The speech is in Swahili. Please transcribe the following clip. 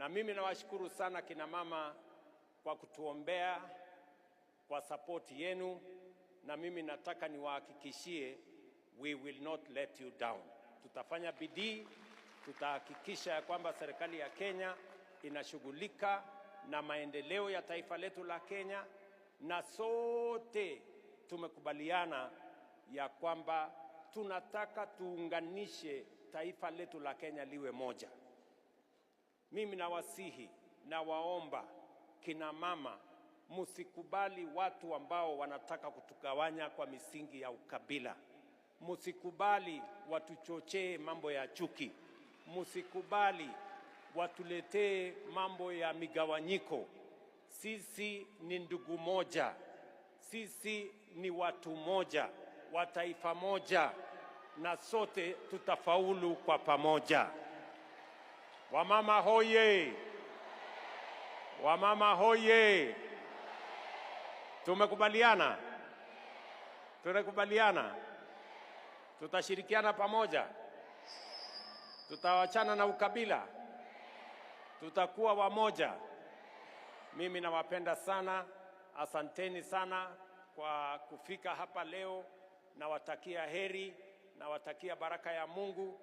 Na mimi nawashukuru sana kina mama kwa kutuombea, kwa sapoti yenu, na mimi nataka niwahakikishie, we will not let you down. Tutafanya bidii, tutahakikisha ya kwamba serikali ya Kenya inashughulika na maendeleo ya taifa letu la Kenya, na sote tumekubaliana ya kwamba tunataka tuunganishe taifa letu la Kenya liwe moja. Mimi nawasihi na waomba kina mama, msikubali watu ambao wanataka kutugawanya kwa misingi ya ukabila. Msikubali watuchochee mambo ya chuki, msikubali watuletee mambo ya migawanyiko. Sisi ni ndugu moja, sisi ni watu moja wa taifa moja, na sote tutafaulu kwa pamoja. Wamama hoye! Wamama hoye! Tumekubaliana, tumekubaliana tutashirikiana pamoja, tutawachana na ukabila, tutakuwa wamoja. Mimi nawapenda sana, asanteni sana kwa kufika hapa leo. Nawatakia heri, nawatakia baraka ya Mungu.